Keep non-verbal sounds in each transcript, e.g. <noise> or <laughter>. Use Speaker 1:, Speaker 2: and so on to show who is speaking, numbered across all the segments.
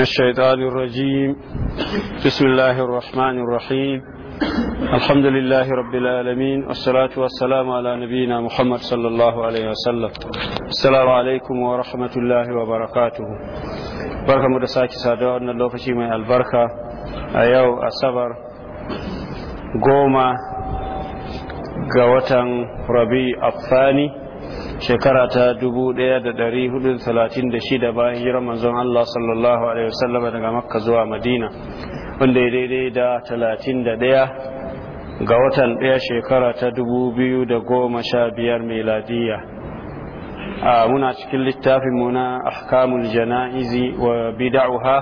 Speaker 1: الشيطان الرجيم بسم الله الرحمن الرحيم الحمد لله رب العالمين والصلاة والسلام على نبينا محمد صلى الله عليه وسلم السلام عليكم ورحمة الله وبركاته بركة مدساكي سادة أن الله فشيمة البركة أيو الصبر قوما قوة ربيع الثاني shekara ta 1436 bayan hijirar manzon Allah sallallahu alaihi wasallam daga makka zuwa madina wanda ya daidai da 31 ga watan ɗaya shekara ta 2015 meladiya a muna cikin littafin na ahkamul jana'izi wa bida'uha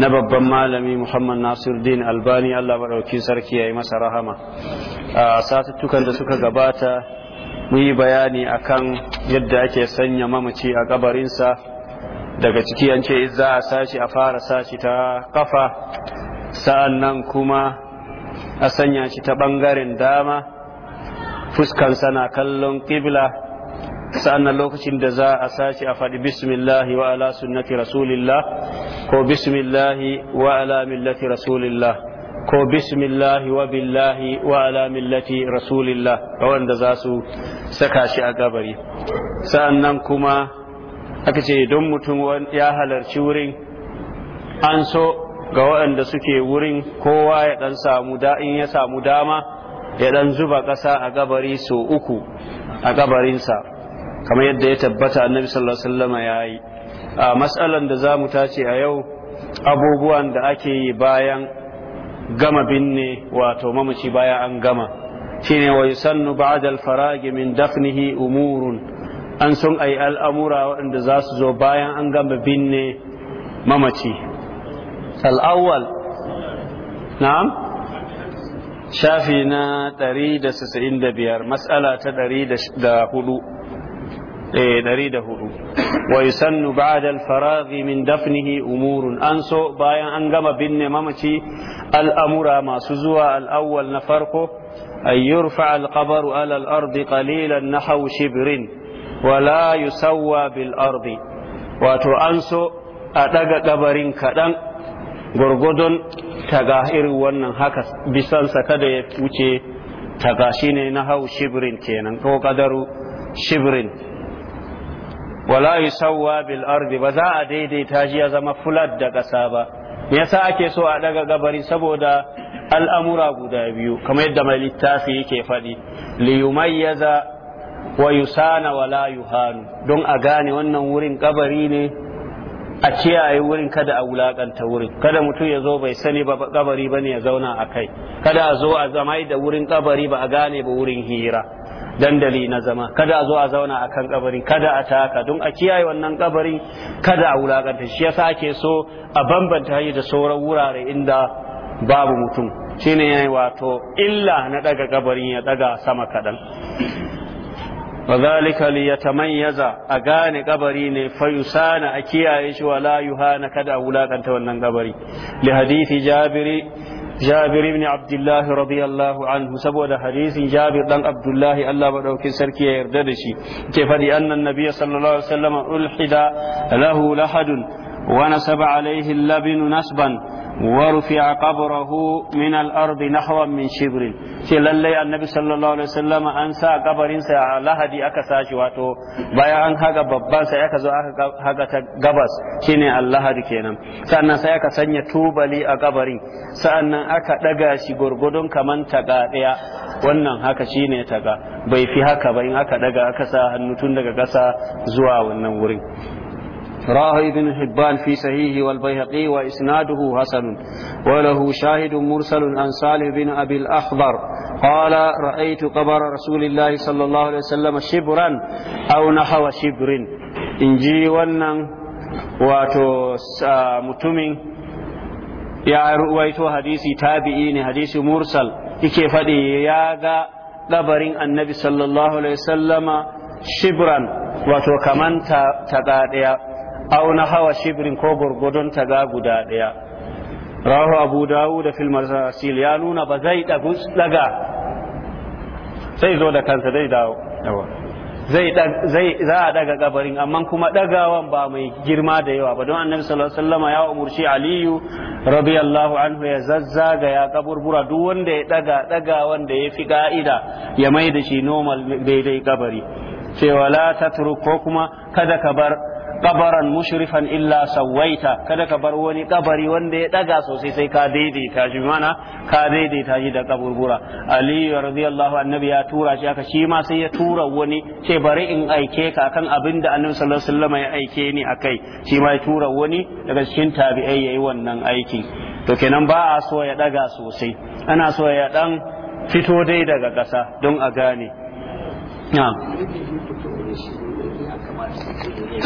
Speaker 1: na babban malami muhammad nasiruddin albani allah maɗauki sarki ya yi masa rahama a satuttukan da suka gabata mun yi bayani akan yadda ake sanya mamaci a kabarinsa daga ciki an ce za a sashi a fara sashi ta kafa sa'an kuma a sanya shi ta bangaren dama fuskansa na kallon ƙibla sa'an lokacin da za a sashi a faɗi bismillahi wa ala sunnati rasulillah ko bismillahi wa ala millati rasulillah ko bismillahi wa billahi wa ala millati rasulillah wanda za su saka shi a gabari sa'annan kuma aka ce don mutum ya halarci wurin an so ga waɗanda suke wurin kowa ya ɗan samu in ya samu dama ya ɗan zuba ƙasa a gabari so uku a gabarinsa kamar yadda ya tabbata annabi sallallahu alaihi ya yi a matsalan da za mu tace a yau abubuwan da ake yi bayan gama binne wato mamaci baya an gama shine wa yusannu ba'da al-faragi min dafnihi umurun an sun ai al'amura waɗanda za su zo bayan an gama binne mamaci al-awwal na'am shafi na 195 mas'ala ta 104 104 eh, wa yusannu ba'da al-faragh min dafnihi umurin an so bayan an gama binne mamaci al'amura masu zuwa al na farko ay yurfa al alal ala al-ard qalilan nahaw shibrin wa la bil ard wato an so a daga kabarin kaɗan gurgudun taga irin wannan haka bisansa kada ya wuce taga shine nahaw shibrin kenan ko kadaru shibrin wala sauwa bil ardi ba za a daidaita shi ya zama fulat da ƙasa ba me yasa ake so a daga gabari saboda al'amura guda biyu kamar yadda mai littafi yake faɗi li yumayyaza wa yusana wala yuhanu don a gane wannan wurin kabari ne a kiyaye wurin kada a wulakanta wurin kada mutum ya zo bai sani ba kabari bane ya zauna a kai kada a zo a zama da wurin kabari ba a gane ba wurin hira dandali na zama kada a zo a zauna a kan kabari kada a taka don a kiyaye wannan kabari kada a wulakanta shi yasa ake so a bambanta hanyar da sauran wurare inda babu mutum shine yi wato illa na daga kabarin ya daga sama kadan fa yusana a kiyaye shi wala Yuhana kada a wulakanta wannan kabari li hadisi jabiri jabir ibn abdullah radiyallahu anhu saboda hadisin jabir dan abdullahi Allah madaukin sarki ya yarda da shi ke fadi annan nabiyyi sallallahu alaihi wasallam ulhida lahu lahadun wa nasaba alaihi labinu nasban ورفع قبره من na hawan من شبر ce lallai annabi sallallahu alaihi wasallam an sa kabarinsa a lahadi aka sashi wato bayan an haga babban sai aka zo haga ta gabas a allahadi kenan sannan sai aka sanya tubali a kabarin sannan aka daga shi gurgudun kaman taga daya wannan haka shine taga bai fi haka ba in aka daga aka sa hannu tun daga gasa zuwa wannan wurin راه ابن حبان في صحيحه والبيهقي وإسناده حسن وله شاهد مرسل عن صالح بن أبي الأخضر قال رأيت قبر رسول الله صلى الله عليه وسلم شبرا أو نحو شبر إنجي ونن واتو متمن ya ruwaito hadisi tabi'i ne hadisi mursal yake faɗi ya ga ɗabarin annabi sallallahu alaihi sallama shibran wato kaman ta ɗaya aw na hawa shibrin ko ta ga guda ɗaya rahu abu dawud da fil marsil ya nuna ba zai daga sai zo da kansa zai dawo zai za a daga kabarin amma kuma dagawan ba mai girma da yawa ba don annabi sallallahu alaihi ya umurci aliyu radiyallahu anhu ya zazzaga ya kaburbura duk wanda ya daga daga da ya fi ka'ida ya mai da shi normal daidai kabari cewa la tatruk ko kuma kada ka bar qabaran mushrifan illa sawaita kada ka bar wani kabari wanda ya daga sosai sai ka daidaita shi mana ka daidaita shi da kaburbura ali radiyallahu annabi ya tura shi aka shi ma sai ya tura wani ce bari in aike ka akan abin da annabi sallallahu alaihi wasallam ya aike ni akai shi ma ya tura wani daga cikin tabi'ai yayi wannan aiki to kenan ba a so ya daga sosai ana so ya dan fito dai daga ƙasa don a gane na'am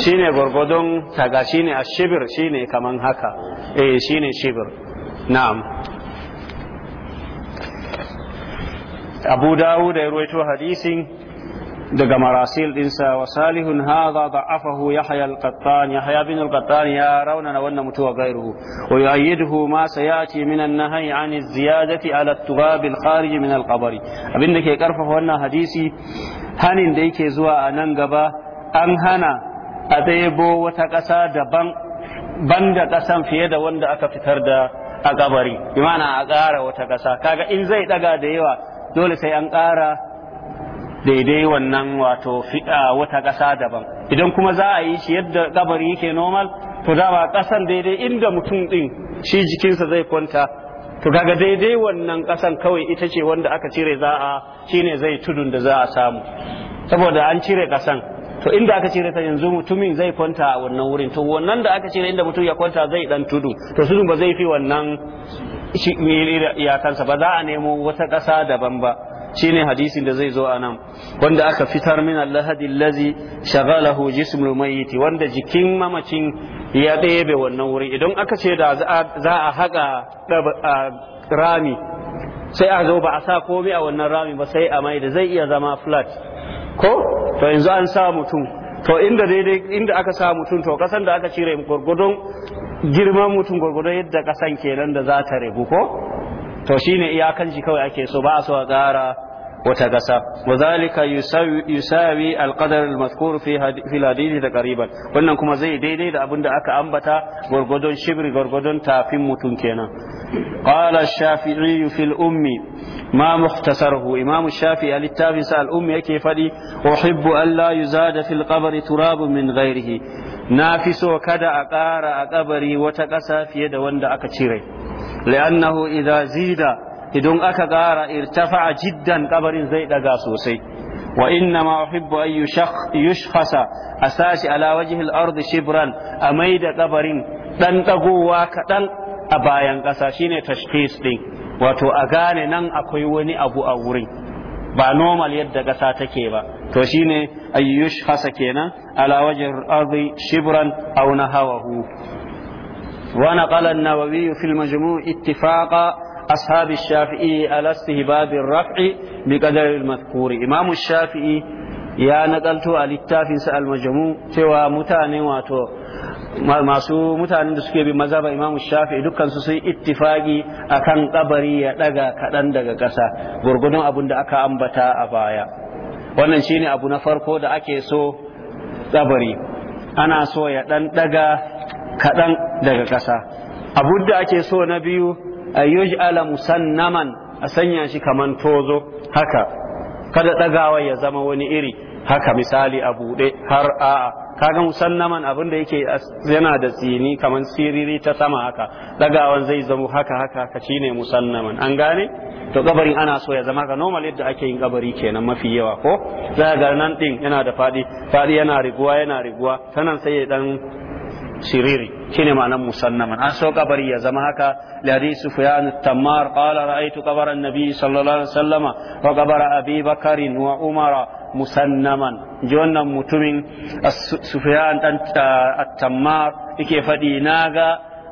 Speaker 1: shine gwargwadon taga shine ashibir shine kaman haka eh shine shibir na'am abu dawud ya ruwaito hadisin daga marasil dinsa wa salihun hadha da'afahu yahya al-qattan yahya bin al-qattan ya raunana wannan mutuwa gairuhu wa yu'ayyiduhu ma sayati min an-nahy an az-ziyadati ala at-turab al-kharij min al-qabr abinda ke karfafa wannan hadisi hanin da yake zuwa a nan gaba an hana a ɗebo wata ƙasa daban banda ƙasan fiye da wanda aka fitar da a kabari bi ma'ana a ƙara wata ƙasa kaga in zai ɗaga da yawa dole sai an ƙara daidai wannan wato wata ƙasa daban idan kuma za a yi shi yadda kabari yake normal to dama ƙasan daidai inda mutum ɗin shi jikinsa zai kwanta to kaga daidai wannan ƙasan kawai ita ce wanda aka cire za a shine zai tudun da za a samu saboda an cire ƙasan to inda aka cire ta yanzu mutumin zai kwanta a wannan wurin to wannan da aka cire inda mutum ya kwanta zai dan tudu to sunu ba zai fi wannan shi ya kansa ba za a nemo wata ƙasa daban ba shine hadisin da zai zo a nan wanda aka fitar min allahadi lazi shagalahu jismul mayyiti wanda jikin mamacin ya ɗebe wannan wurin idan aka ce da za a haƙa rami sai a zo ba a sa komai a wannan rami ba sai a mai da zai iya zama flat ko to yanzu an sa mutum to inda daidai inda aka sa mutum to kasan da aka cire gurgudun girman mutum gurgudun yadda kasan kenan da za ta rebu ko to shine iyakanci kawai ake so ba a so a ƙara wata gasa wa zalika yusawi alqadar almadhkur fi fil da taqriban wannan kuma zai daidai da abinda aka ambata gurgudun shibri gurgudun tafin mutun kenan qala ash-shafi'i fil ummi ma mukhtasaruhu imam ash-shafi'i littafin sa al-ummi yake fadi uhibbu an la yuzada fil qabri turabun min ghairihi na fi so kada a ƙara a kabari wata ƙasa fiye da wanda aka cire li'annahu idza zida idan aka gara ƙara irtafa'a jiddan kabarin zai daga sosai wa inna ma uhibbu an yushkhasa asashi ala wajhi al shibran amai da kabarin dan dagowa kaɗan. a bayan ƙasa shine tashkhis ɗin wato a gane nan akwai wani abu a wurin ba normal yadda ƙasa take ba to shine ayyush hasa kenan ala wajhi al-ard shibran aw nahawahu ونقل النووي في المجموع اتفاق أصحاب الشافعي على استهباب الرفع بقدر المذكور إمام الشافعي ya nakalto a littafinsa almajamu cewa mutane wato masu mutanen da suke bin mazhaba imamu shafi dukkansu sun ittifaki akan kabari ya daga kaɗan daga ƙasa gurgudun abun da aka ambata a baya wannan shine abu na farko da ake so kabari ana so ya ɗanɗaga. daga kaɗan daga ƙasa da ake so na biyu a ala musannaman a sanya shi kaman tozo haka kada ɗagawa ya zama wani iri haka misali a buɗe har a'a kaga musannaman abin da yake yana da tsini kaman siriri ta sama haka ɗagawan zai zama haka haka haka shine musannaman an gane to kabarin ana so ya zama ka normal yadda ake yin kabari kenan mafi yawa ko za ga nan din yana da faɗi faɗi yana riguwa yana riguwa sanan sai ya dan siriri shine ma'anar musannaman an so kabari ya zama haka ladi sufyan tammar qala ra'aytu qabaran nabi sallallahu alaihi wasallama wa qabara abi bakarin wa umara musannaman ji wannan mutumin sufyan dan ah, tammar yake na ga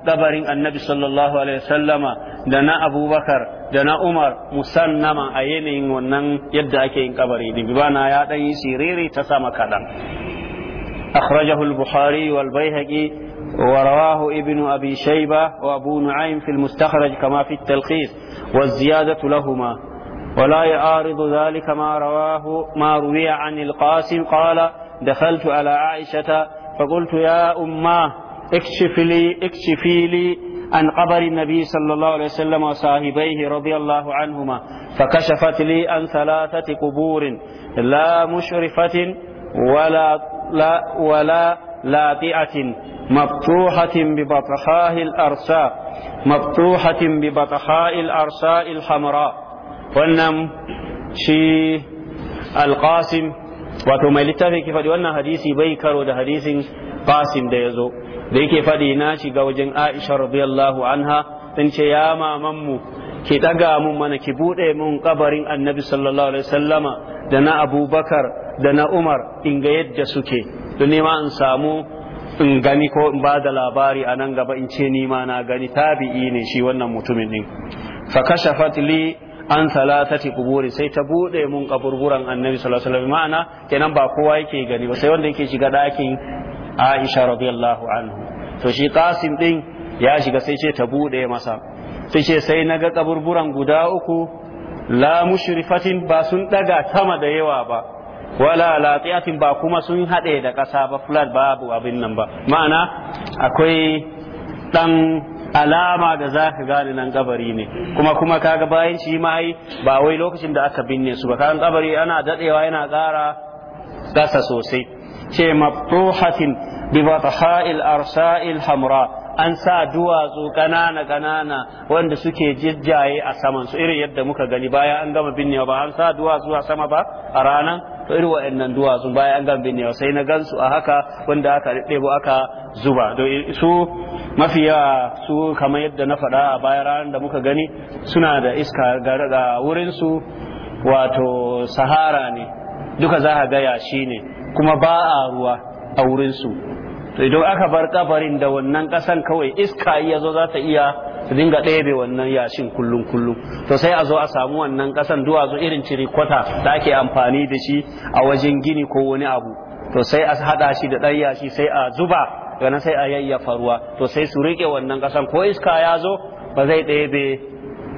Speaker 1: kabarin annabi sallallahu alaihi wasallama da na abubakar da na umar musannama a yanayin wannan yadda ake yin kabari da bana ya dan yi siriri ta sama kaɗan أخرجه البخاري والبيهقي ورواه ابن أبي شيبة وأبو نعيم في المستخرج كما في التلخيص والزيادة لهما ولا يعارض ذلك ما رواه ما روي عن القاسم قال دخلت على عائشة فقلت يا أماه اكشف لي اكشفي لي عن قبر النبي صلى الله عليه وسلم وصاحبيه رضي الله عنهما فكشفت لي عن ثلاثة قبور لا مشرفة ولا ولا لاطئة مفتوحة ببطحاء الأرساء مفتوحة ببطحاء الأرساء الحمراء ونم شي القاسم wato mai littafin ki faɗi wannan hadisi bai karo da hadisin qasim da ya zo da yake faɗi na shiga wajen aisha radiyallahu anha sun ce ya ki ɗaga mun mana ki buɗe mun kabarin annabi sallallahu alaihi wasallama da na abubakar da na umar in ga yadda suke don nema in samu in gani ko in ba da labari a nan gaba in ce nima na gani tabi'i ne shi wannan mutumin din fa kashafat li an salatati kuburi sai ta buɗe mun kaburburan annabi sallallahu alaihi wasallam ma'ana kenan ba kowa yake gani ba sai wanda yake shiga dakin Aisha radiyallahu anhu to shi Qasim din ya shiga sai ce ta buɗe masa sai ce sai naga kaburburan guda uku la mushrifatin ba sun daga sama da yawa ba wala latiyatin ba kuma sun haɗe da ƙasa ba flat babu abin nan ba ma'ana akwai ɗan alama da za ka gane nan kabari ne kuma kuma kaga bayan shi ma ba wai lokacin da aka binne su ba kan kabari ana daɗewa yana ƙara gasa sosai ce mafruhatin bi batha'il arsa'il hamra an sa duwatsu ƙanana ƙanana wanda suke jijjaye a saman su irin yadda muka gani bayan an gama binnewa ba an sa duwatsu a sama ba a ranar to irin wa'annan duwatsu bayan an gambe ne sai na gansu a haka wanda aka ɗebo aka zuba to su mafiya su kamar yadda na faɗa a bayan ranar da muka gani suna da iska ga wurinsu wato sahara ne duka za a gaya shi ne kuma ba a ruwa a wurinsu to idan aka bar kabarin da wannan kasan kawai iska iya zo za ta iya su dinga ɗebe wannan yashin kullum kullum to sai a zo a samu wannan ƙasan duwatsu irin kwata da ake amfani da shi a wajen gini ko wani abu to sai a haɗa shi da ɗan yashi sai a zuba ganin sai a yayyafa ruwa to sai su riƙe wannan ƙasan ko iska ya zo ba zai ɗebe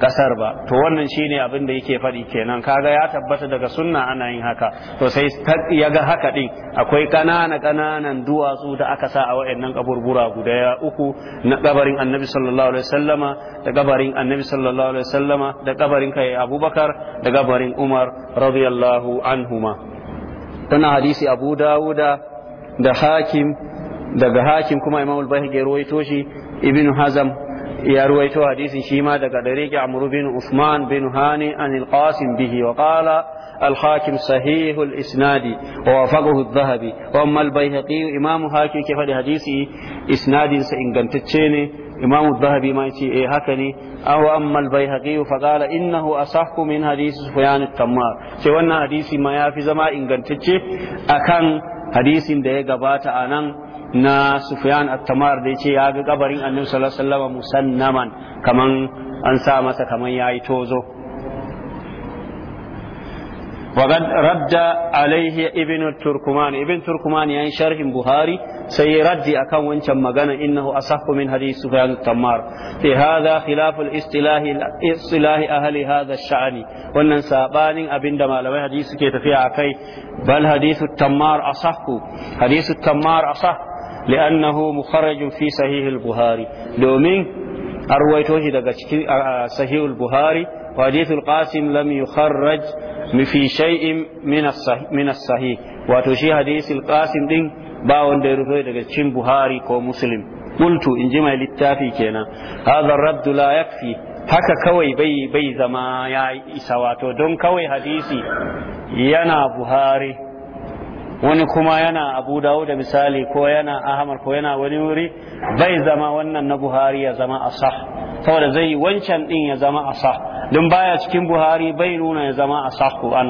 Speaker 1: kasar ba to wannan shine abin da yake faɗi kenan kaga ya tabbata daga sunna ana yin haka to sai ya ga haka din akwai kanana kananan duwatsu da aka sa a wayannan kaburbura guda uku na kabarin annabi sallallahu alaihi wasallama da kabarin annabi sallallahu alaihi wasallama da kabarin kai abubakar da kabarin umar radiyallahu anhuma tana hadisi abu dawuda da hakim daga hakim kuma imamul al-bahigi ya rawaito shi hazam ya ruwaito hadisin shi ma daga dariki amru bin usman bin hani an alqasim bihi wa qala الحاكم صحيح الإسناد ووافقه الذهبي وأما البيهقي إمام حاكم كيف حديثي إسناد سإنغنتتشيني إمام الذهبي ما يتي إيه هكني أو أما البيهقي فقال إنه أصح من حديث سفيان التمار سيوانا حديث ما يافي زما إنغنتتشي أكان hadisin da ya gabata a nan na Sufyan at-Tamar da yace ya ga kabarin Annabi sallallahu alaihi wasallam musannaman kaman an sa masa kaman yayi tozo وقد رد عليه ابن التركمان ابن التركمان يعني شرح بخاري سيرد أكون وانشا مغانا إنه أصح من حديث سفيان التمار في هذا خلاف الاصطلاح اصطلاح أهل هذا الشأن وأن سابان أبن دما لما حديث كيف في عقي بل حديث التمار أصح حديث التمار أصح لأنه مخرج في صحيح البخاري دومين أرويته دقا صحيح البخاري وحديث القاسم لم يخرج في شيء من الصحيح من الصحيح وتشي حديث القاسم دين باون ديروتو دقا تشين بخاري كو مسلم قلت إن جمع للتافي كينا هذا الرد لا يكفي haka kawai bai bai zama ya isa wato don kawai hadisi yana buhari wani kuma yana abu dawo da misali ko yana Ahmad ko yana wani wuri bai zama wannan na buhari ya zama a asah saboda zai wancan din ya zama a asah don baya cikin buhari bai nuna ya zama a sahu an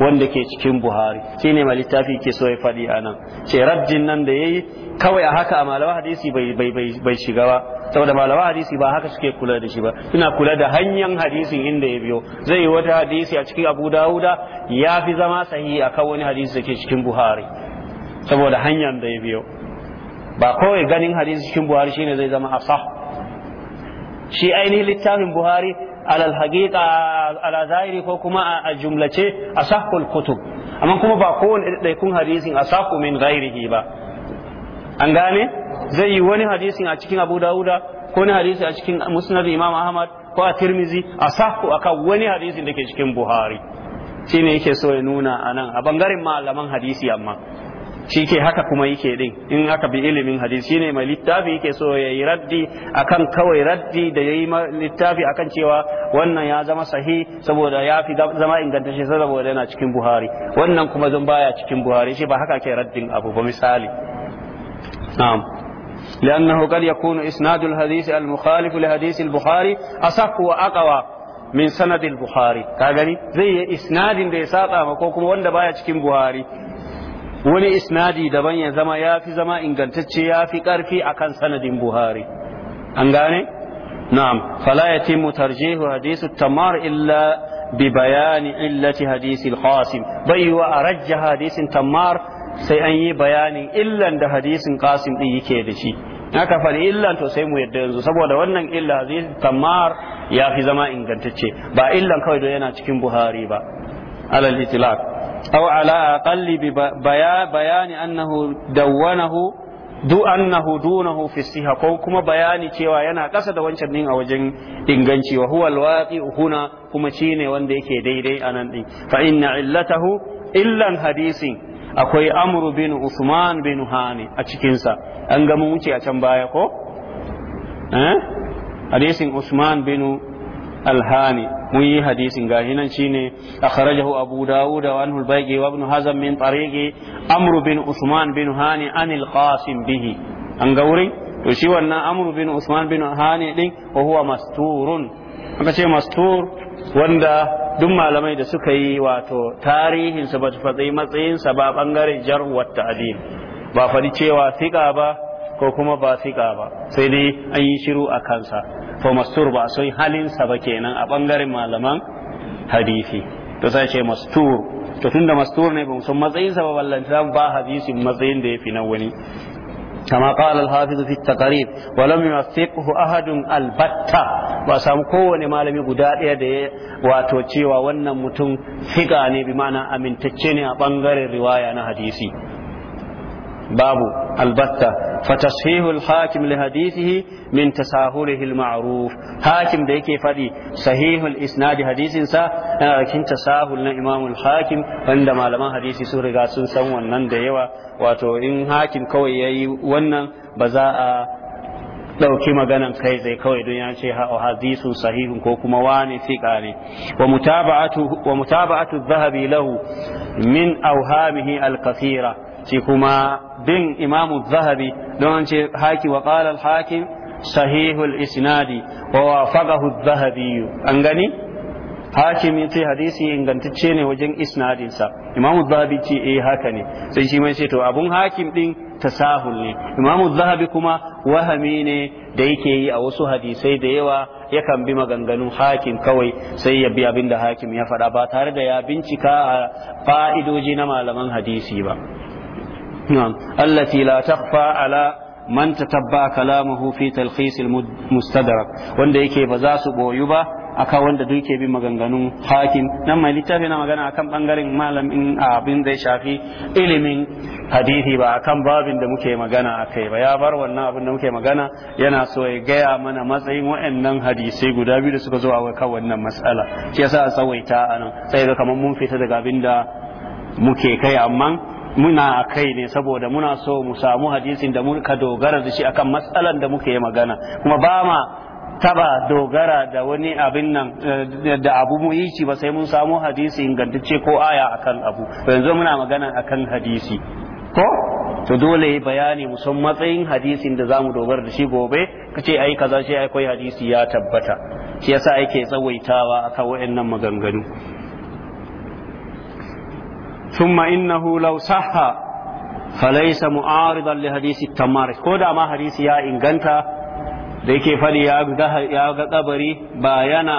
Speaker 1: wanda ke cikin buhari shi ne littafi ke so ya faɗi a nan ce rajin nan da ya yi kawai a haka a malawa hadisi bai shiga ba saboda malawa hadisi ba haka suke kula da shi ba suna kula da hanyar hadisin inda ya biyo zai yi wata hadisi a cikin abu dawuda ya fi zama sahi a kan wani hadisi da ke cikin buhari saboda hanyar da ya biyo ba kawai ganin hadisi cikin buhari shine zai zama a sah shi ainihin littafin buhari alal haqiqa zahiri ko kuma a jumlace asahul kutub amma kuma ba kowane ɗaiɗaikun hadisin a min ghairihi ba an gane zai yi wani hadisin a cikin abu dauda ko ni hadisi a cikin musnad imam ahmad ko a tirmizi asahu akan wani hadisin da ke cikin buhari shine yake so ya nuna a nan a bangaren malaman hadisi amma shi ke haka kuma yake din in aka bi ilimin hadisi shine mai littafi yake so ya yi raddi akan kawai raddi da ya yi littafi akan cewa wannan ya zama sahi saboda ya fi zama ingantacce saboda yana cikin buhari wannan kuma zan baya cikin buhari shi ba haka ke raddin abu ba misali na'am لأنه قد يكون إسناد الحديث المخالف لحديث البخاري أصح وأقوى min sanadil buhari ka gani zai yi isnadin da ya saba ko kuma wanda baya cikin buhari wani isnadi daban ya zama ya fi zama ingantacce ya fi ƙarfi a kan sanadin buhari an gane na'am fala ya timu tarjihu hadisu tamar illa bi bayani illati hadisi qasim bai yi wa a rajja hadisin tamar sai an yi bayanin illan da hadisin qasim din yake da shi haka faɗi illan to sai mu yadda yanzu saboda wannan illa hadisin tamar ya fi zama ingantacce ba illan kawai don yana cikin buhari ba alal itilaq أو على أقل بيان أنه دونه du annahu dunahu fi siha ko kuma bayani cewa yana ƙasa da wancan din a wajen inganci wa huwa alwaqi huna kuma shine wanda yake daidai a nan din fa inna illatahu illan hadisin akwai amru bin usman bin hani a cikin sa an ga mun wuce a can baya ko eh hadisin usman bin alhani muyi yi hadisin gashi nan shine akhrajahu abu dawud wa anhu al wa ibn hazm min bin usman bin hani an al bihi an ga to shi wannan amr bin usman bin hani din wa huwa masturun aka ce mastur wanda duk malamai da suka yi wato tarihinsa ba su faɗi matsayinsa ba ɓangaren jar'uwar ta'adil ba faɗi cewa fiƙa ba ko kuma ba siga ba sai dai an yi shiru a kansa to mastur ba sai halin sa ba kenan a bangaren malaman hadisi to sai ce mastur to tunda mastur ne ba musan matsayin sa ba wallahi ba hadisi matsayin da ya fi nan wani kama qala al hafiz fi taqrib wa lam yuwaffiqhu ahadun al ba samu kowane malami guda ɗaya da ya wato cewa wannan mutum figa ne bi ma'ana amintacce ne a bangaren riwaya na hadisi babu albatta fatashihu al-hakim li hadithihi min tasahulihi al-ma'ruf hakim da yake faɗi sahihul isnadi hadisin sa yana cikin tasahul na imamul hakim wanda malaman hadisi sun riga sun san wannan da yawa wato in hakim kawai yayi wannan ba za a ɗauki maganar kai zai kawai don ya ha hadisun sahihun ko kuma wani fiƙa ne wa mutaba'atu zahabi lahu min auhamihi alkasira shi kuma bin imamu zahabi don an ce haki wa qala al hakim sahihul isnadi wa wafaqahu zahabi an gani hakim ce hadisi ingantacce ne wajen isnadin sa imamu zahabi ce eh haka ne sai shi mai ce to abun hakim din tasahul ne imamu zahabi kuma wahami ne da yake yi a wasu hadisai da yawa yakan bi maganganun hakim kawai sai ya bi abin da hakim ya faɗa ba tare da ya bincika a fa'idoji na malaman hadisi ba allah la takhfa ala man tatabba kalamahu fi talkhis mustadrak wanda yake ba za su boyu ba aka wanda duk ke bi maganganun hakim nan mai littafi na magana akan bangaren malamin abin zai shafi ilimin hadithi ba akan babin da muke magana akai ba ya bar wannan abin da muke magana yana so ya gaya mana matsayin waɗannan hadisai guda biyu da suka zo a kan wannan matsala shi yasa a tsawaita anan sai ga kamar mun fita daga abin da muke kai amma muna a kai ne saboda muna so mu samu hadisin da muka dogara da shi akan matsalan da muke magana kuma ba ma taba dogara da wani abin nan eh, da abu mu yi ci ba sai mun samu hadisi ingantacce ko aya akan abu yanzu muna magana akan hadisi ko to dole bayani mu san matsayin hadisin da zamu dogara da shi gobe kace ai kaza shi ai hadisi ya tabbata shi yasa ake tsawaitawa akan waɗannan maganganu ثم إنه لو صح فليس معارضا لحديث التمار كودا ما حديث يا إنغانتا da yake faɗi ya ga kabari ba yana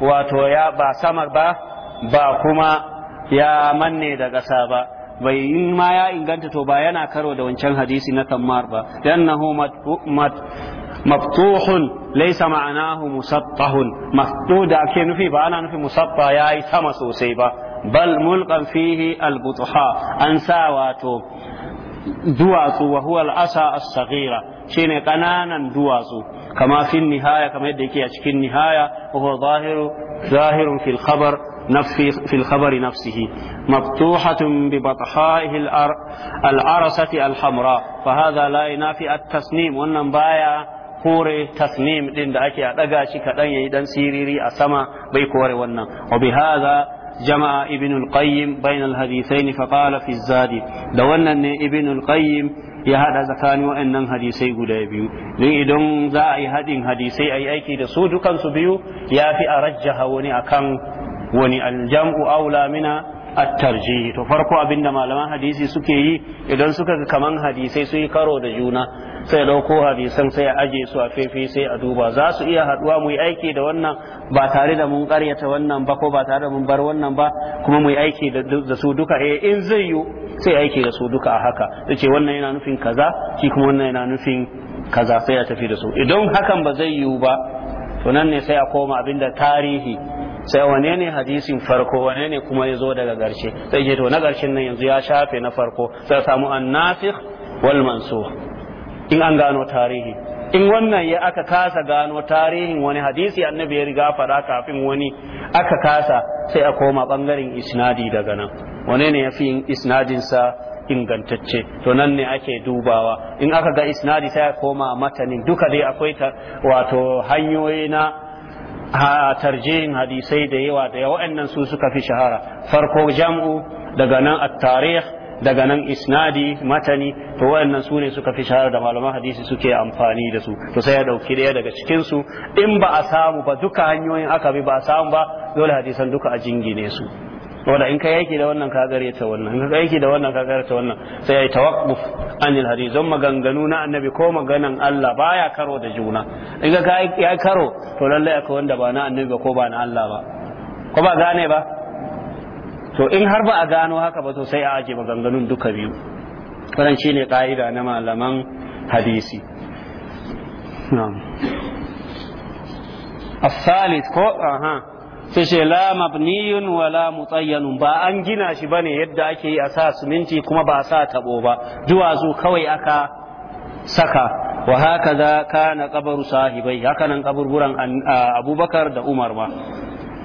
Speaker 1: wato ya ba samar ba ba kuma ya manne da gasa ba bai in ma ya inganta to ba yana karo da wancan hadisi na tammar ba yannahu maftuhun laisa ma'anahu musattahun maftu da ake nufi ba ana nufi musaffa yayi sama sosai ba bal mulkan fihi al an sa wato duwatsu wa huwa asa as-saghira shine kananan duwatsu kama fin nihaya kama yadda yake a cikin nihaya wa huwa zahiru zahirun fil khabar نفسي في الخبر نفسه مفتوحة ببطحائه العرسة الحمراء فهذا لا ينافي tasnim wannan baya kore tasnim din da ake a daga shi kadan yayi dan siriri a sama bai kore wannan wa bi hadha Jama'a ابن bainal hadisai الحديثين فقال في da wannan ne ابن ya hada tsakanin waɗannan hadisai guda biyu don idan za a yi haɗin hadisai a yi aiki da su dukansu biyu ya fi a rajjaha wani akan wani aljam'u aula mina at-tarjih to farko abinda malaman hadisi suke yi idan suka ga kaman hadisai su karo da juna sai dauko hadisan sai a aje su a fefe sai a duba za su iya haduwa mu yi aiki da wannan ba tare da mun karyata wannan ba ko ba tare da mun bar wannan ba kuma mu yi aiki da su duka eh in zai yi sai aiki da su duka a haka yace wannan yana nufin kaza shi kuma wannan yana nufin kaza sai a tafi da su idan hakan ba zai yiwu ba to nan ne sai a koma abinda tarihi sai wane ne hadisin farko wane ne kuma ya zo daga garshe sai ke to na garshen nan yanzu ya shafe na farko sai samu nasir wal manso in an gano tarihi in wannan ya aka kasa gano tarihin wani hadisi annabi ya riga fara kafin wani aka kasa sai a koma bangaren isnadi daga nan wane ne ya fi isnadinsa ingantacce to nan ne ake dubawa in aka ga isnadi sai a koma matanin duka dai akwai wato hanyoyi na a tarjihin hadisai da yawa da yawa su suka fi shahara farko jam'u daga nan at-tarikh daga nan isnadi matani to wayannan su ne suka fi shahara da malaman hadisi suke amfani da su to sai ya dauki daya daga cikin su in ba a samu ba duka hanyoyin aka bi ba a samu ba dole hadisan duka a jingine su wanda in ka yake da wannan ka gare ta wannan in ka yake da wannan ka gare ta wannan sai ai tawaqquf anil hadith zan maganganu na annabi ko maganan Allah baya karo da juna in ka ya karo to lallai akwai wanda ba na annabi ba ko ba na Allah ba
Speaker 2: ko ba gane ba
Speaker 1: to in har ba a gano haka ba to sai a aje maganganun duka biyu wannan shine ka'ida na malaman hadisi na'am الثالث ko aha sai ce la mabniyun wa la mutayyanun ba an gina shi bane yadda ake yi a sa siminti kuma ba a sa tabo ba duwatsu kawai aka saka wa haka za ka na kabaru sahibai haka nan kaburburan abubakar da umar ba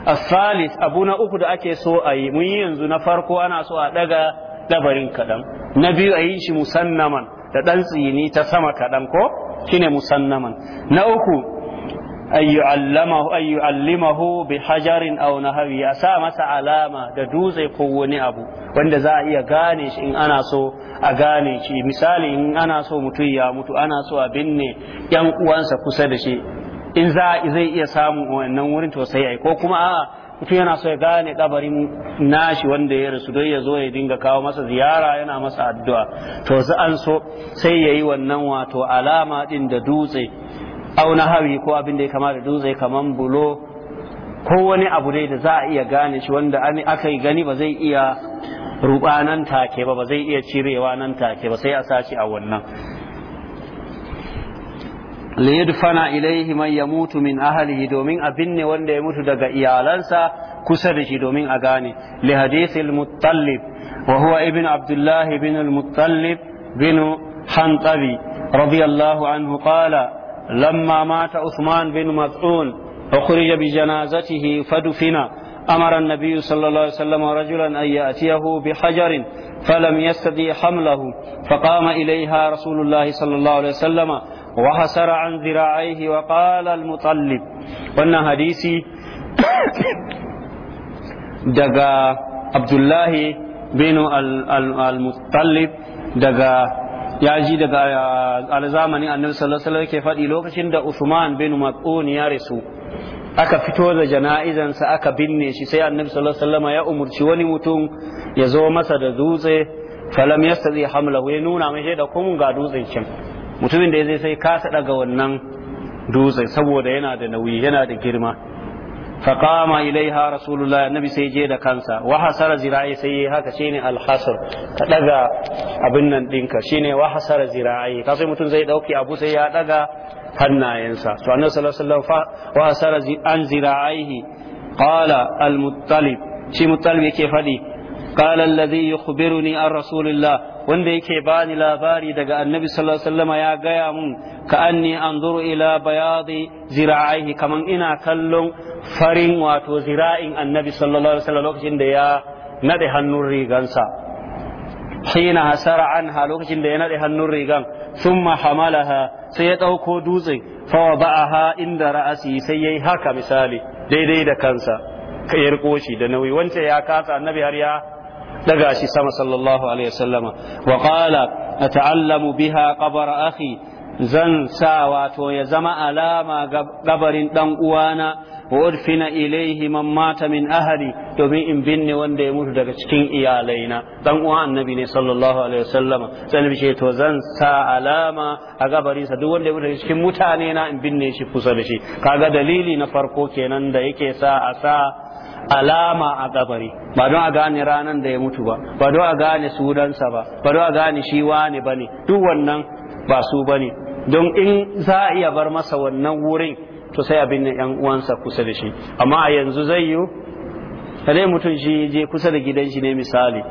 Speaker 1: asalis abu na uku da ake so a yi mun yi yanzu na farko ana so a daga dabarin kaɗan na biyu a yi shi musannaman da ɗan tsini ta sama kaɗan ko shine musannaman na uku an yu'allamahu bi hajarin aw nahawi a sa masa alama da dutse ko wani abu wanda za a iya gane shi in ana so a gane shi misali in ana so mutum ya mutu ana so a binne yan uwansa kusa da shi in za zai iya samu wannan wurin to sai ko kuma a'a mutum yana so ya gane kabarin nashi wanda ya rasu don ya zo ya dinga kawo masa ziyara yana masa addu'a to an so sai ya yi wannan wato alama din da dutse auna hawi ko abin da ya kama da dutse kaman bulo ko wani abu dai da za a iya gane shi wanda aka yi gani ba zai iya ruba nan take ba ba zai iya cirewa nan take ba sai a sashi a wannan liyadfana ilaihi man yamutu min ahlihi domin a binne wanda ya mutu daga iyalansa kusa da shi domin a gane li hadithil muttalib wa huwa ibn abdullah ibn al-muttalib bin hanqabi radiyallahu anhu qala لما مات عثمان بن مطعون أخرج بجنازته فدفن أمر النبي صلى الله عليه وسلم رجلا أن يأتيه بحجر فلم يستطيع حمله فقام إليها رسول الله صلى الله عليه وسلم وحسر عن ذراعيه وقال المطلب وأن حديثي دقا عبد الله بن المطلب دقا ya ji daga alzamani annabi sallallahu alaihi wasallam ke faɗi lokacin da Usman bin Mas'un ya rasu aka fito da jana'izansa aka binne shi sai annabi sallallahu alaihi wasallam ya umurci wani mutum ya zo masa da dutse falam yastazi hamla ya nuna mai da kun ga dutsen kin mutumin da ya zai sai kasa daga wannan dutse saboda yana da nauyi yana da girma فقام إليها رسول الله النبي سيجي دا كانسا وحسر زراعي سيي هكا شيني الحصر haka أبنن دينك شيني وحسر زراعي كاسي متون زي دوكي أبو سيي دغا hannayensa to annabi sallallahu alaihi wasallam wa hasara an zira'ihi qala al-muttalib shi an yake fadi qala alladhi yukhbiruni wanda yake bani labari daga annabi sallallahu alaihi wasallam ya gaya mun ka anni anzuru ila bayadi zira'ihi kaman ina kallon farin wato zira'in annabi sallallahu alaihi wasallam lokacin da ya nade hannun rigansa hina hasara anha lokacin da ya nade hannun rigan sun hamalaha sai ya dauko dutse fa ba'aha inda ra'asi sai yayi haka misali daidai da kansa ka yarko shi da nauyi wance ya kasa annabi har ya daga shi sama sallallahu alaihi wasallama wa qala ata'allamu biha qabra akhi zan sa wato ya zama alama ga gabarin dan uwana wa urfina ilaihi man mata min ahli domin in binne wanda ya mutu daga cikin iyalaina dan uwa annabi ne sallallahu alaihi wasallama sai nabi ce to zan sa alama a gabarin sa duk wanda ya mutu daga cikin mutane na in binne shi kusa da shi kaga dalili na farko kenan da yake sa a sa alama a kabari ba don a gane ranan da ya mutu ba ba don a gane sunansa ba ba don a gane shi wane ba duk wannan ba su ba don in za a iya bar masa wannan wurin to sai abin da yan uwansa kusa da shi amma a yanzu zai yi kare mutum shi je kusa da gidan shi ne misali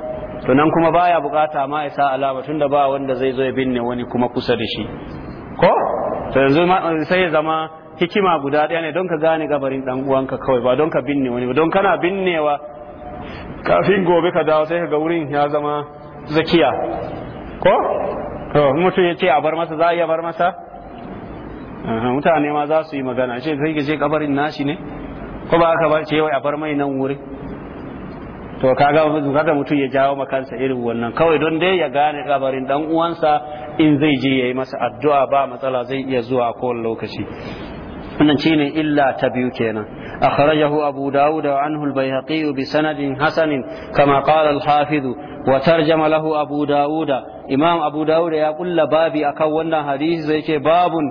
Speaker 1: to nan kuma baya bukata ma ya sa alama tunda ba wanda zai zo ya binne wani kuma kusa da shi ko to yanzu sai zama hikima guda ɗaya ne don ka gane gabarin dan uwanka kawai ba don ka binne wani ba don kana binnewa kafin gobe ka dawo sai ka ga wurin ya zama zakiya ko to mutum ya ce a bar masa za a iya bar masa mutane ma za su yi magana ce kai ka ce kabarin nashi ne ko ba aka bar ce wai a bar mai nan wuri to kaga kaga mutum ya jawo makansa irin wannan kawai don dai ya gane kabarin dan uwansa in zai je yayi masa addu'a ba matsala zai iya zuwa kowane lokaci wannan shine illa ta biyu kenan akhrajahu abu dawud wa anhu al bi sanadin hasanin kama qala al-hafiz wa tarjama lahu abu dawud imam abu dawud ya kulla babi akan wannan hadisi zai yake babun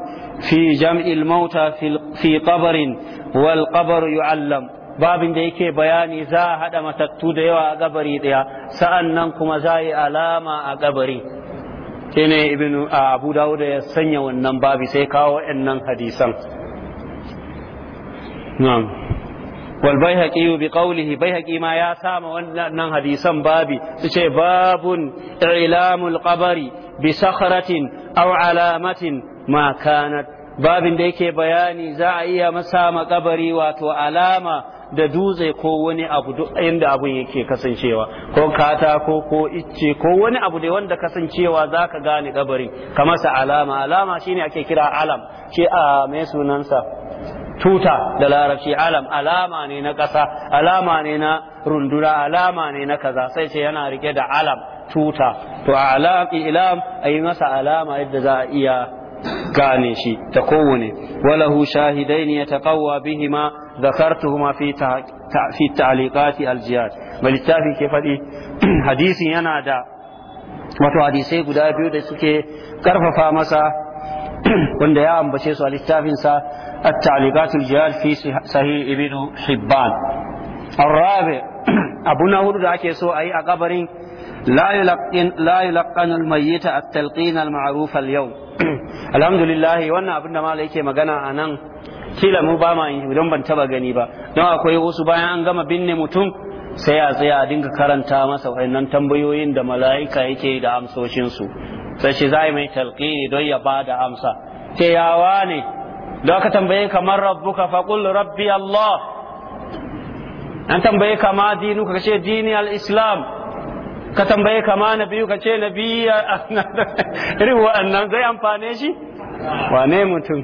Speaker 1: fi jam'i mauta fi qabrin wal qabr yu'allam babin da yake bayani za a haɗa matattu da yawa a gabari daya sa'an nan kuma za yi alama a gabari shi ne abu dawud ya sanya wannan babi sai kawo nan hadisan na'am wal baihaqi bi qawlihi baihaqi ma ya sama wannan hadisan babi su ce babun ilamul qabari bi sakhratin aw da yake bayani za a iya masa makabari wato alama da dutse ko wani abu duk inda abun yake kasancewa ko katako ko icce ko wani abu da wanda kasancewa za ka gane kabarin ka masa alama alama shine ake kira alam ce a mai sunansa tuta da larabci alam alama ne na ƙasa alama ne na runduna alama ne na kaza sai ce yana rike da alam tuta to alam ilam a yi masa alama yadda za a iya gane shi ta kowane walahu ne ya taqawwa bihima dhakartuhuma fi fi ta'liqati aljiyar. bal ke faɗi <clears throat> hadisin yana da wato hadisai guda biyu da suke karfafa masa <clears throat> wanda ya ambace su a littafinsa التعليقات الجال في صحيح ابن حبان الرابع <clears throat> أبونا هرد أكي سوء أي أقبر لا يلقن, لا يلقن الميت التلقين المعروف اليوم <clears throat> الحمد لله وانا أبونا ما ليك مغانا أنا kila mu ba ma don ban taba gani ba don akwai wasu bayan an gama binne mutum sai a tsaya a dinga karanta masa wayannan tambayoyin da mala'ika yake da amsoshinsu sai shi za mai talqini don ya ba da amsa ce yawa ne da aka tambaye kamar rabbuka faqul rabbi Allah an tambaye kama dinu ka ce dini al-islam ka tambaye kama nabiyu ka ce nabiyya <laughs> irin wa'annan zai amfane shi wane mutum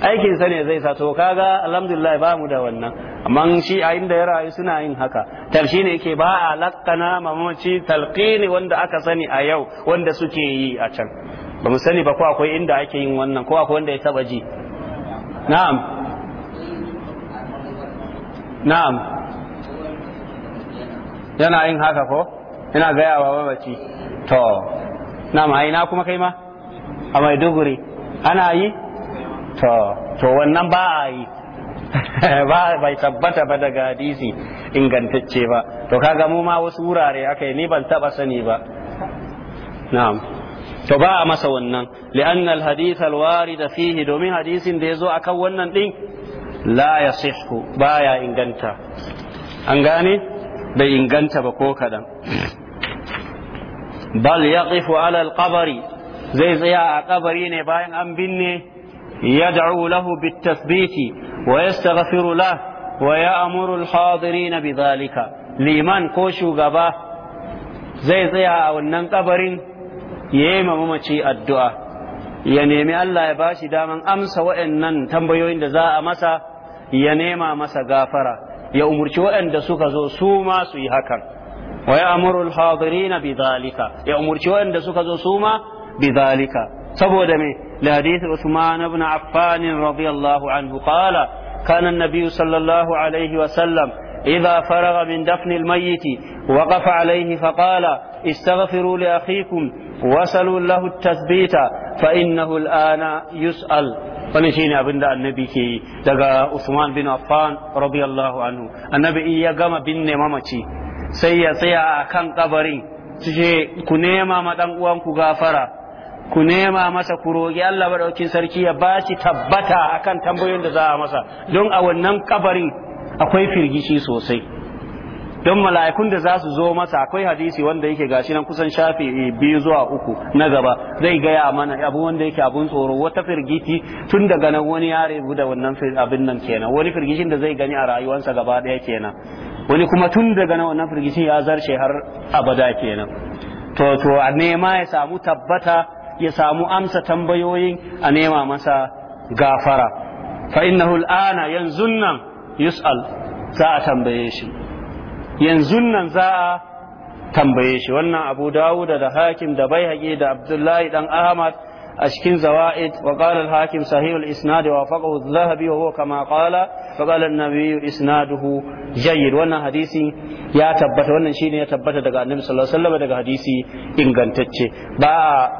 Speaker 1: aikin sa ne zai sa to kaga alhamdulillah ba mu da wannan amma shi a inda ya rayu suna yin haka tarshi ne yake ba a lakkana mamaci talqini wanda aka sani a yau wanda suke yi a can ba mu sani ba ko akwai inda ake yin wannan ko akwai wanda ya taba ji na'am نعم yana yin haka ko yana gaya wa babaci to na na kuma kai ma a duguri ana yi to to wannan ba a yi <laughs> ba bai tabbata ba daga hadisi ingantacce ba to kaga mu ma wasu wurare aka yi ni ban taba sani ba na'am to ba a masa wannan li'an alhadith da fihi domin hadisin da ya zo akan wannan din la ba ya inganta an gane bai inganta ba ko kadan bal yaqifu ala alqabri zai tsaya a kabari ne bayan an binne
Speaker 2: yad'u
Speaker 1: lahu bitathbiti wa yastaghfiru lahu wa ya'muru alhadirin bizalika. liman ko shugaba zai tsaya a wannan kabarin yayi ma mamaci addu'a ya nemi Allah ya bashi daman amsa waɗannan tambayoyin da za a masa ya nema masa gafara ya umurci waɗanda suka zo su ma su yi hakan wa ya amurul hadirina bi zalika ya umurci waɗanda suka zo su ma bi zalika saboda me لحديث عثمان بن anhu رضي الله عنه قال كان النبي صلى الله عليه وسلم إذا فرغ من دفن الميت وقف عليه فقال استغفروا لأخيكم وصلوا له التثبيت فإنه الآن يسأل wani shi ne abin da annabi ke yi daga Usman bin Affan radiyallahu anhu annabi in ya gama binne mamaci sai ya tsaya a kan kabarin ce ku nema ma dan uwanku gafara ku nema masa ku roƙi Allah madaukin sarki ya ba shi tabbata akan tambayoyin da za a masa don a wannan kabarin akwai firgici sosai don mala'ikun da za su zo masa akwai hadisi wanda yake gashi nan kusan shafi biyu zuwa uku na gaba zai gaya mana abu wanda yake abun tsoro wata firgiti tun daga nan wani ya rebu da wannan abin nan kenan wani firgishin da zai gani a rayuwarsa gaba daya kenan wani kuma tun daga nan wannan firgishin ya zarce har abada kenan to to a nema ya samu tabbata ya samu amsa tambayoyin a nema masa gafara fa innahu al'ana yanzun nan yus'al za a tambaye shi yanzu nan za a tambaye shi wannan abu dawuda da hakim da bai da abdullahi dan ahmad a cikin zawa'id wa qala hakim sahih al wa faqahu Zahabi wa huwa kama qala fa qala an-nabi isnaduhu jayyid wannan hadisi ya tabbata wannan shine ya tabbata daga annabi sallallahu alaihi daga hadisi ingantacce ba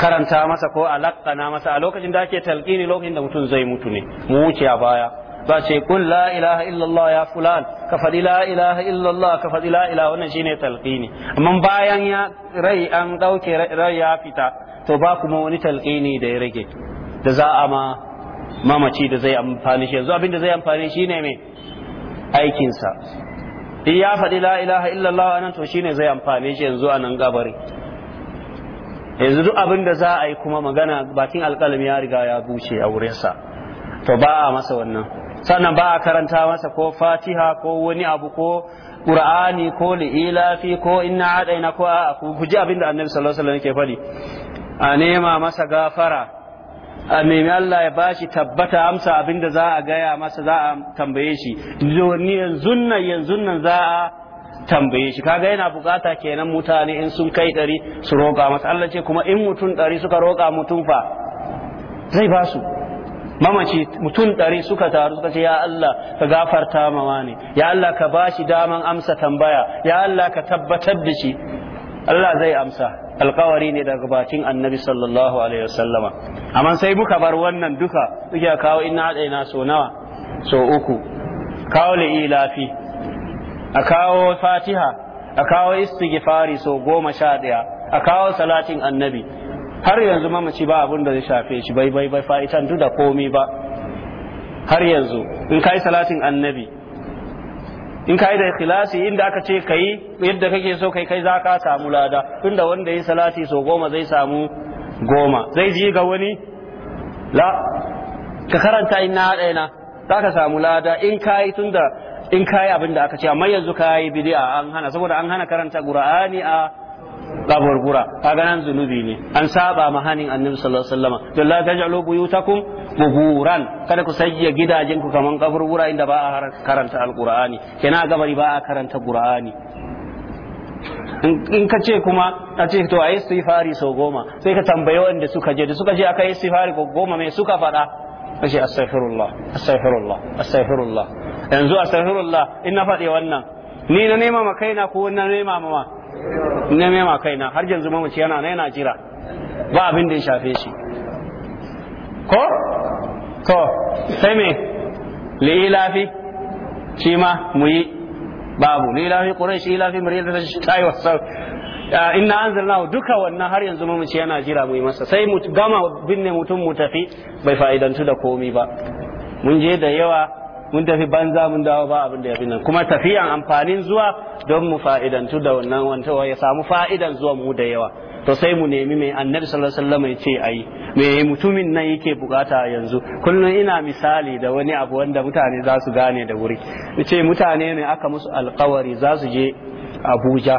Speaker 1: karanta masa ko alaƙana masa a lokacin da ake talƙini lokacin da mutum zai mutu ne mu wuce a baya Ba ce kun la ilaha illallah ya fulan ka faɗi la ilaha illallah ka faɗi la ilaha wannan shine talqini amma bayan ya rai an ɗauke rai ya fita to ba kuma wani talqini da ya rage da za a ma mamaci da zai amfani shi yanzu abin da zai amfani shi ne mai aikinsa in ya faɗi la ilaha illallah anan to shine zai amfani shi yanzu a nan gabari yanzu duk abin da za a yi kuma magana bakin alƙalami ya riga ya buce a wurinsa to ba a masa wannan sannan ba a karanta masa ko fatiha ko wani abu ko qur'ani ko li'ilafi ko inna adaina ko a ku guji abin da annabi sallallahu alaihi wasallam yake faɗi a nema masa gafara a nemi Allah ya bashi tabbata amsa abin da za a gaya masa za a tambaye shi yanzu nan yanzu nan za a tambaye shi kaga yana bukata kenan mutane in sun kai ɗari su roƙa masa Allah ce kuma in mutum ɗari suka roƙa mutum fa zai ba su mamaci mutum ɗari suka taru suka ce ya Allah ka gafarta mawa ne ya Allah ka bashi daman amsa tambaya ya Allah ka tabbatar da shi Allah zai amsa alkawari ne daga bakin annabi sallallahu alaihi wasallama amma sai muka bar wannan duka suke kawo ina ina so nawa so uku kawo li'ilafi a kawo fatiha a kawo istighfari so goma sha ɗaya a kawo salatin annabi har yanzu mamaci ba abin da zai shafe shi bai bai bai fa'itan duk da komai ba har yanzu in kai salatin annabi in kai da ikhlasi inda aka ce kai yadda kake so kai kai zaka samu lada tunda wanda yi salati so goma zai samu goma zai ji ga wani la ka karanta inna za zaka samu lada in kai tunda in kai abin da aka ce amma yanzu kai bid'a an hana saboda an hana karanta qur'ani a Kaburbura gura kaga nan zunubi ne an saba ma hanin annabi sallallahu alaihi wasallam to la taj'alu buyutakum quburan kada ku sayya gidajen ku kaman kabar gura inda ba a karanta alqur'ani ga bari ba a karanta qur'ani in ka ce kuma a ce to a yi istighfari sau goma sai ka tambayi wanda suka je da suka je aka yi istighfari goma mai suka faɗa kace astaghfirullah astaghfirullah astaghfirullah yanzu astaghfirullah in na faɗi wannan ni na nema ma kaina ko na nema ma na mema kaina har yanzu mamaci yana na yana jira ba abin da ya shafe shi ko to sai me lilafi shi ma mu yi babu lilafi quraish li'ilafi mariyata ta yi wasu inna anzalnahu duka wannan har yanzu mamaci yana jira mu yi masa sai mu gama binne mutum mu tafi bai fa'idantu da komi ba mun je da yawa mun tafi banza mun dawo ba abin da ya nan kuma tafiyan amfanin zuwa don mu fa'idantu da wannan wanta ya samu fa'idan zuwa mu da yawa to sai mu nemi mai annabi sallallahu alaihi wasallam ce ayi me mutumin nan yake bukata yanzu kullum ina misali da wani abu wanda mutane za su gane da wuri ce mutane ne aka musu alkawari za su je Abuja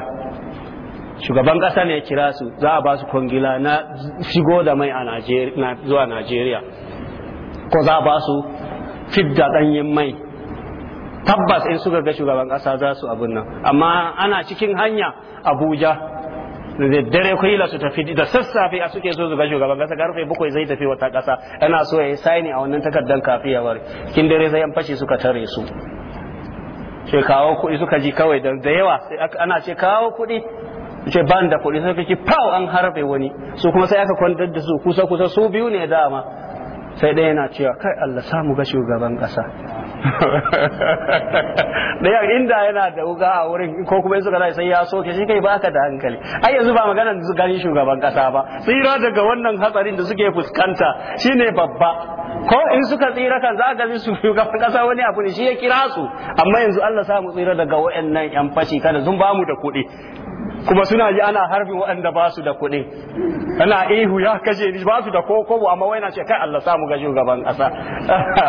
Speaker 1: shugaban kasa ne ya kira su za a ba su kwangila na shigo da mai a zuwa Najeriya ko za a ba su fidda ɗanyen mai tabbas in suka ga shugaban kasa za su abin nan amma ana cikin hanya abuja da dare kila su tafi da sassafe a suke so su ga shugaban ƙasa karfe bakwai zai tafi wata kasa ana so ya yi saini a wannan takardar kafiya war kin dare sai an fashe suka tare su ce kawo kuɗi suka ji kawai da yawa sai ana ce kawo kuɗi ce ban da kuɗi sai kike pau an harbe wani su kuma sai aka kwantar da su kusa kusa su biyu ne dama sai ɗaya na cewa kai Allah samu ga shugaban ƙasa <laughs> ɗaya inda yana da wuga a wurin ko kuma in suka zai sai ya soke shi kai baka da hankali ai yanzu ba maganar da gani shugaban ƙasa ba tsira daga wannan hatsarin da suke fuskanta shine babba ko in suka tsira kan za ga su shugaban ƙasa wani abu ne shi ya kira su amma yanzu Allah samu tsira daga wayannan yan fashi kada sun ba mu da kuɗi kuma suna ji ana harbin waɗanda ba su da kuɗi ana ihu ya kashe ni ba su da kokobo amma wai na ce kai Allah samu ga shugaban ƙasa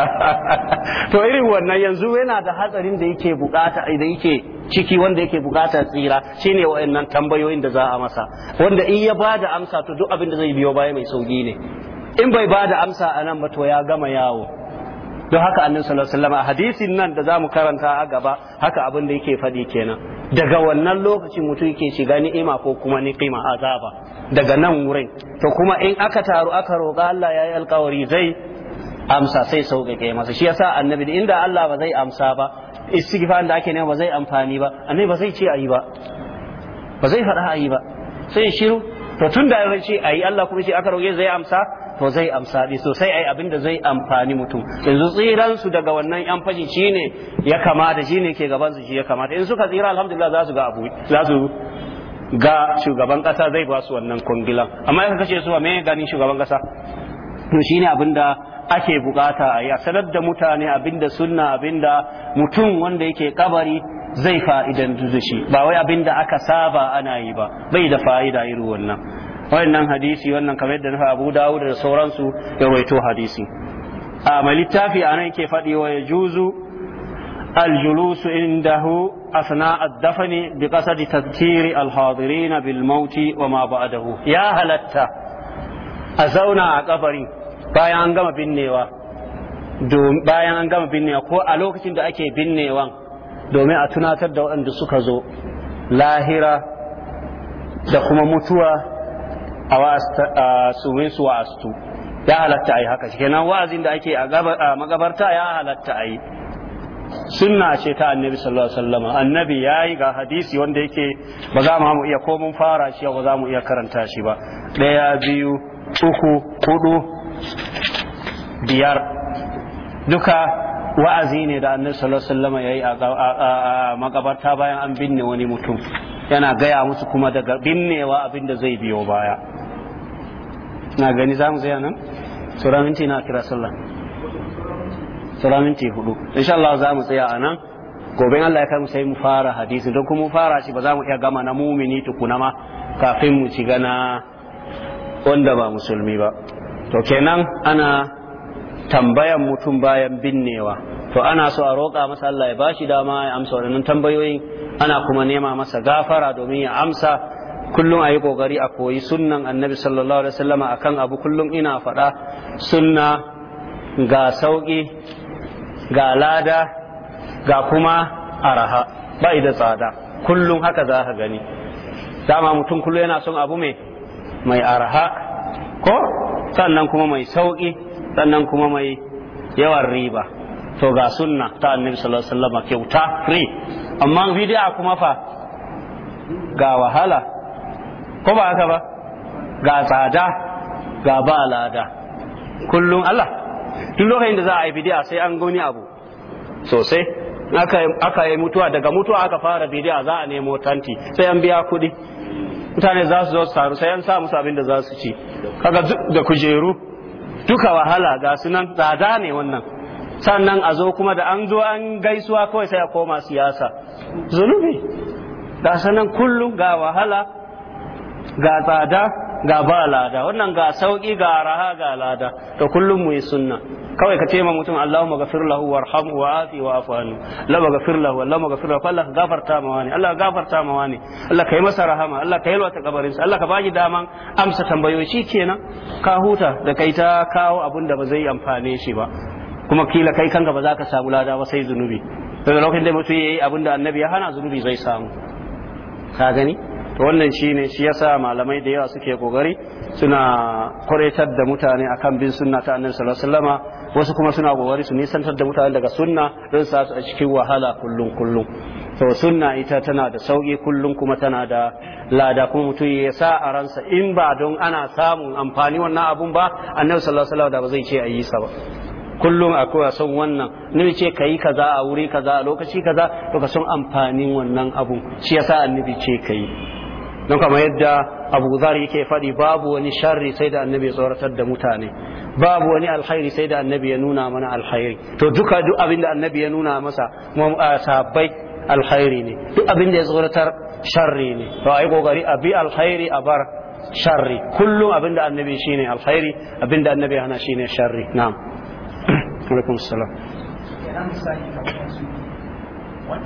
Speaker 1: <laughs> to irin wannan yanzu yana da hatsarin da yake bukata idan yake ciki wanda yake bukata tsira shine waɗannan tambayoyin da za a masa wanda in ya da amsa to duk abin da zai biyo baya mai sauki ne in bai ba da amsa a nan ba to ya gama yawo don haka annin sallallahu alaihi wasallam a hadisin nan da zamu karanta a gaba haka abin da yake faɗi kenan daga wannan lokaci mutum yake shiga ni'ima ko kuma niqima azaba daga nan wurin to kuma in aka taru aka roƙa Allah ya yi alƙawari zai amsa sai sauƙaƙe masa shi yasa annabi inda Allah ba zai amsa ba istighfar da ake nema ba zai amfani ba annabi ba zai ce ayi ba ba zai faɗa ayi ba sai shiru to tun da ya ce ayi Allah kuma shi aka roƙe zai amsa to zai amsani sosai ai abinda da zai amfani mutum yanzu tsiran su daga wannan yan fashi shine ya kamata shine ke gaban su shi ya kamata in suka tsira alhamdulillah za su ga abu za su ga shugaban kasa zai ba su wannan kungilan amma ya kace su me ganin shugaban kasa to shine abin da ake bukata a yi a sanar da mutane abin da sunna abin mutum wanda yake kabari zai fa'idan shi ba wai abin da aka saba ana yi ba bai da fa'ida irin wannan wannan hadisi wannan kamar yadda nufa abu dawud da sauransu ya rawaito hadisi a mai littafi a nan ke faɗi wa ya juzu الجلوس عنده أثناء الدفن بقصد تذكير الحاضرين بالموت وما بعده يا هلتا a أكبري bayan an gama binnewa bayan an gama binnewa ko a lokacin da ake binnewan domin a tunatar da waɗanda suka zo lahira da kuma mutuwa a sumin su wa'astu ya halatta yi haka kenan wa'azin da ake a magabarta ya halatta yi sunna ce ta annabi sallallahu alaihi wasallam annabi yayi ga hadisi wanda yake ba za mu iya ko mun fara shi ba za mu iya karanta shi ba ɗaya biyu uku hudu biyar duka wa'azi ne da annabi sallallahu alaihi wasallam yayi a magabarta bayan an binne wani mutum yana gaya musu kuma daga binnewa abinda zai biyo baya na gani za mu zai nan sura minti na kira sallah sura minti hudu insha Allah za mu tsaya a nan gobe Allah ya kai sai mu fara hadisi don kuma mu fara shi ba za mu iya gama na mumini tukuna ma kafin mu ci gana wanda ba musulmi ba to kenan ana tambayan mutum bayan binnewa to ana so a roƙa masa Allah ya bashi dama ya amsa waɗannan tambayoyin ana kuma nema masa gafara domin ya amsa kullum a yi ƙoƙari a koyi sunnan annabi sallallahu alaihi wasallama a kan abu kullum ina faɗa sunna ga sauƙi ga lada ga kuma araha ba da tsada kullum haka za ka gani dama mutum kullum yana son abu mai mai araha ko sannan kuma mai sauƙi sannan kuma mai yawan riba to ga sunna ta annabi sallallahu alaihi wasallama kyauta free amma bid'a kuma fa ga wahala ko ba haka ba ga tsada ga ba lada kullum Allah duk lokacin da za a yi bidiya sai an goni abu sosai aka yi mutuwa daga mutuwa aka fara bidiya za a nemo tanti sai an biya kuɗi mutane za su zo su taru sai an sa musu abin da za su ci kaga da kujeru duka wahala ga su nan tsada ne wannan sannan a zo kuma da an zo an gaisuwa kawai sai a koma siyasa zunubi ga sanan kullum ga wahala ga tsada ga ba lada wannan ga sauki ga raha ga lada to kullum mu yi sunna kawai ka ce ma mutum Allahumma ghafir lahu warhamhu wa afi wa afu anhu la maghfir lahu la maghfir lahu Allah gafarta ma wani Allah gafarta ma wani Allah kai masa rahama Allah kai yalwata kabarinsa Allah ka baki daman amsa tambayoyi kenan ka huta da kai ta kawo abun da ba zai amfane shi ba kuma kila kai kanka ba za ka samu lada ba sai zunubi daga lokacin da mutum yayi abin da annabi ya hana zunubi zai samu ka gani to wannan ne shi yasa malamai da yawa suke kokari suna kwaretar da mutane akan bin sunna ta annabi sallallahu alaihi wasallama wasu kuma suna kokari su nisantar da mutane daga sunna don sa su a cikin wahala kullum kullum to sunna ita tana da sauki kullum kuma tana da lada kuma mutum ya sa a ransa in ba don ana samun amfani wannan abun ba annabi sallallahu alaihi da ba zai ce a yi sa ba kullum akwai son wannan nabi ce ka yi kaza a wuri kaza a lokaci kaza to ka san amfanin wannan abun shi yasa annabi ce ka yi
Speaker 2: don kama yadda
Speaker 1: abu zar yake faɗi babu wani sharri sai da annabi ya tsoratar da mutane babu wani alhairi sai da annabi ya nuna mana alhairi to duka duk abin da annabi ya nuna masa sahabbai alhairi ne duk abin da ya tsoratar sharri ne to ai kokari a bi alhairi a bar sharri kullum abin da annabi ne alhairi abin da annabi hana ne sharri na. <clears throat> alaikum salam